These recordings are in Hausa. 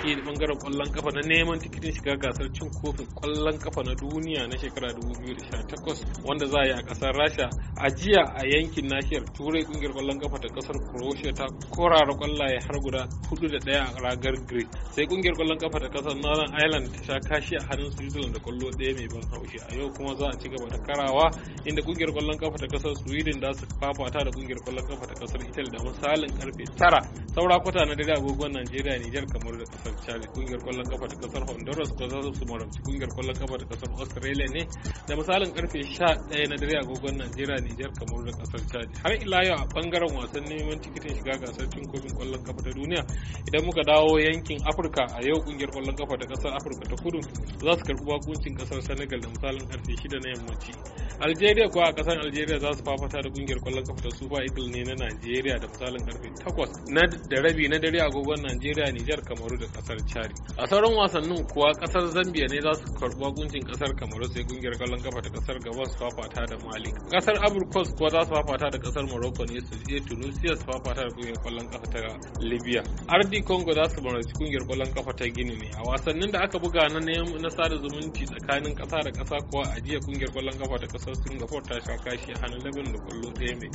ke da bangaren kwallon kafa na neman tikitin shiga gasar cin kofin kwallon kafa na duniya na shekara 2018 wanda za a yi a kasar rasha a jiya a yankin nashiyar turai kungiyar kwallon kafa ta kasar croatia ta korara kwallaye har guda hudu da daya a ragar greek sai kungiyar kwallon kafa ta kasar northern ireland ta sha kashi a hannun switzerland da kwallo daya mai ban haushi a yau kuma za a ci gaba ta karawa inda kungiyar kwallon kafa ta kasar sweden da su fafata da kungiyar kwallon kafa ta kasar italy da misalin karfe tara saura kwata na dare agogon najeriya nijar kamar da kasar makwabta kungiyar kwallon kafa ta kasar honduras ko za su maraci kungiyar kwallon kafa ta kasar australia ne da misalin karfe 11 na dare agogon najeriya nijar kamar da kasar chad har ila yau a bangaren wasan neman tikitin shiga gasar cin kofin kwallon kafa ta duniya idan muka dawo yankin afirka a yau kungiyar kwallon kafa ta kasar afirka ta kudu za su karbi bakuncin kasar senegal da misalin karfe 6 na yammaci Algeria kuwa a kasar Algeria za su fafata da kungiyar kwallon kafa ta Super eagle ne na nigeria da misalin karfe 8 na da rabi na dare agogon nigeria niger Kamaru da kasar Chari. A sauran wasannin kuwa kasar Zambia ne za su karɓi guncin kasar Kamaru sai kungiyar kwallon kafa ta kasar Gabon su fafata da Mali. Kasar Abrikos kuwa za su fafata da kasar Morocco ne su je Tunisia su fafata da kungiyar kwallon kafa ta Libya. RD Congo za su barci kungiyar kwallon kafa ta Gini ne. A wasannin da aka buga na na sada zumunci tsakanin kasa da kasa kuwa a jiya kungiyar kwallon kafa ta kasar kasar singapore ta sha kashi a hannun labin da kwallo ɗaya mai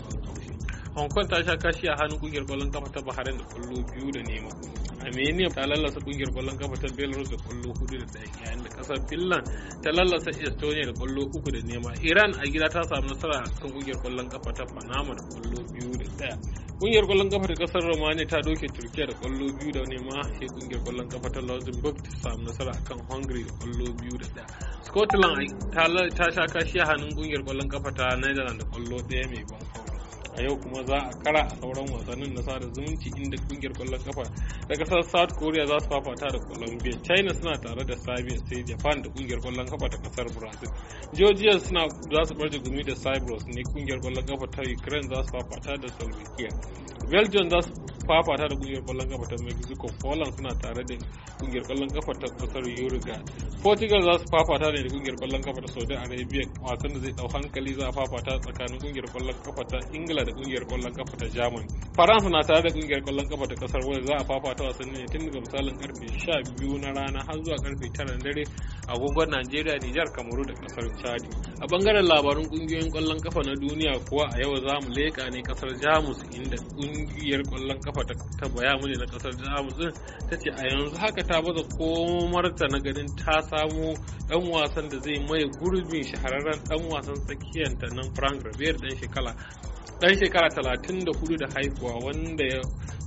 hong kong ta sha kashi a hannun kungiyar kwallon kafa ta bahrain da kwallo biyu da nema armenia ta lallasa kungiyar kwallon kafa ta belarus da kwallo hudu da daya yayin da kasar finland ta lallasa estonia da kwallo uku da nema iran a gida ta samu nasara a kan kungiyar kwallon kafa ta panama da kwallo biyu da daya kungiyar kwallon kafa ta kasar romania ta doke turkiya da kwallo biyu da nema sai kungiyar kwallon kafa ta luxembourg ta samu nasara a kan hungary da kwallo biyu da daya scotland ta sha kashi a hannun kungiyar kwallon kafa ta netherlands da kwallo daya mai ban a yau kuma za a kara a sauran wasannin na sada zumunci inda kungiyar kwallon kafa da kasar south korea za su fafata da colombia china suna tare da serbia sai japan da kungiyar kwallon kafa ta kasar brazil georgia suna za su barje gumi da cyprus ne kungiyar kwallon kafa ta ukraine za su fafata da slovakia belgium za su fafata da kungiyar kwallon kafa ta mexico poland suna tare da kungiyar kwallon kafa ta kasar uruguay portugal za su fafata ne da kungiyar kwallon kafa ta saudi arabia wasan da zai dau hankali za a fafata tsakanin kungiyar kwallon kafa ta ingila da kungiyar kwallon kafa ta germany faransa na tare da kungiyar kwallon kafa ta kasar wales za a fafata wasan ne tun daga misalin karfe 12 na rana har zuwa karfe 9 na dare agogon nigeria niger kamaru da kasar chad a bangaren labarun kungiyoyin kwallon kafa na duniya kuwa a yau za mu leka ne kasar jamus inda kungiyar kwallon kafa kafa ta bayamu ne na kasar jamus din ta ce a yanzu haka ta baza komarta na ganin ta samu dan wasan da zai mai gurbin shahararren dan wasan ta nan frank rivier dan shekara dan shekara talatin da haihuwa wanda ya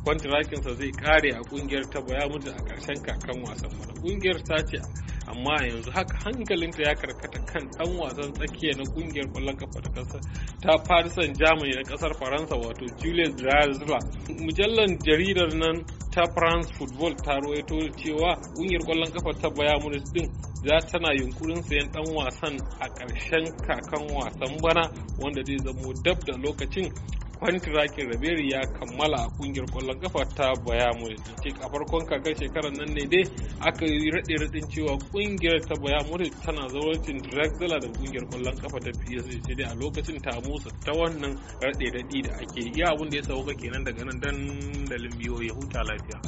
kwantarakinsa zai kare a kungiyar ta bayamu a karshen kakan wasan mana kungiyar ta ce amma yanzu haka hankalinta ya karkata kan dan wasan tsakiya na kungiyar kwallon kafa ta kasa ta Paris Saint-Germain na kasar Faransa wato Julius Draxler mujallar jaridar nan ta France Football ta rawaito cewa kungiyar kwallon kafa ta Bayern Munich din za tana yunkurin sayan dan wasan a ƙarshen kakan wasan bana wanda zai zamo dab da lokacin kwantirakin raberi ya kammala a kungiyar kwallon kafa ta Bayamo Athletic a farkon kakar shekarar nan ne dai aka yi raɗe raɗin cewa kungiyar ta Bayamo tana zaurancin Drexler da kungiyar kwallon kafa ta PSG sai dai a lokacin ta musa ta wannan raɗe raɗi da ake yi abin da ya sauka kenan daga nan dalin biyo ya huta lafiya.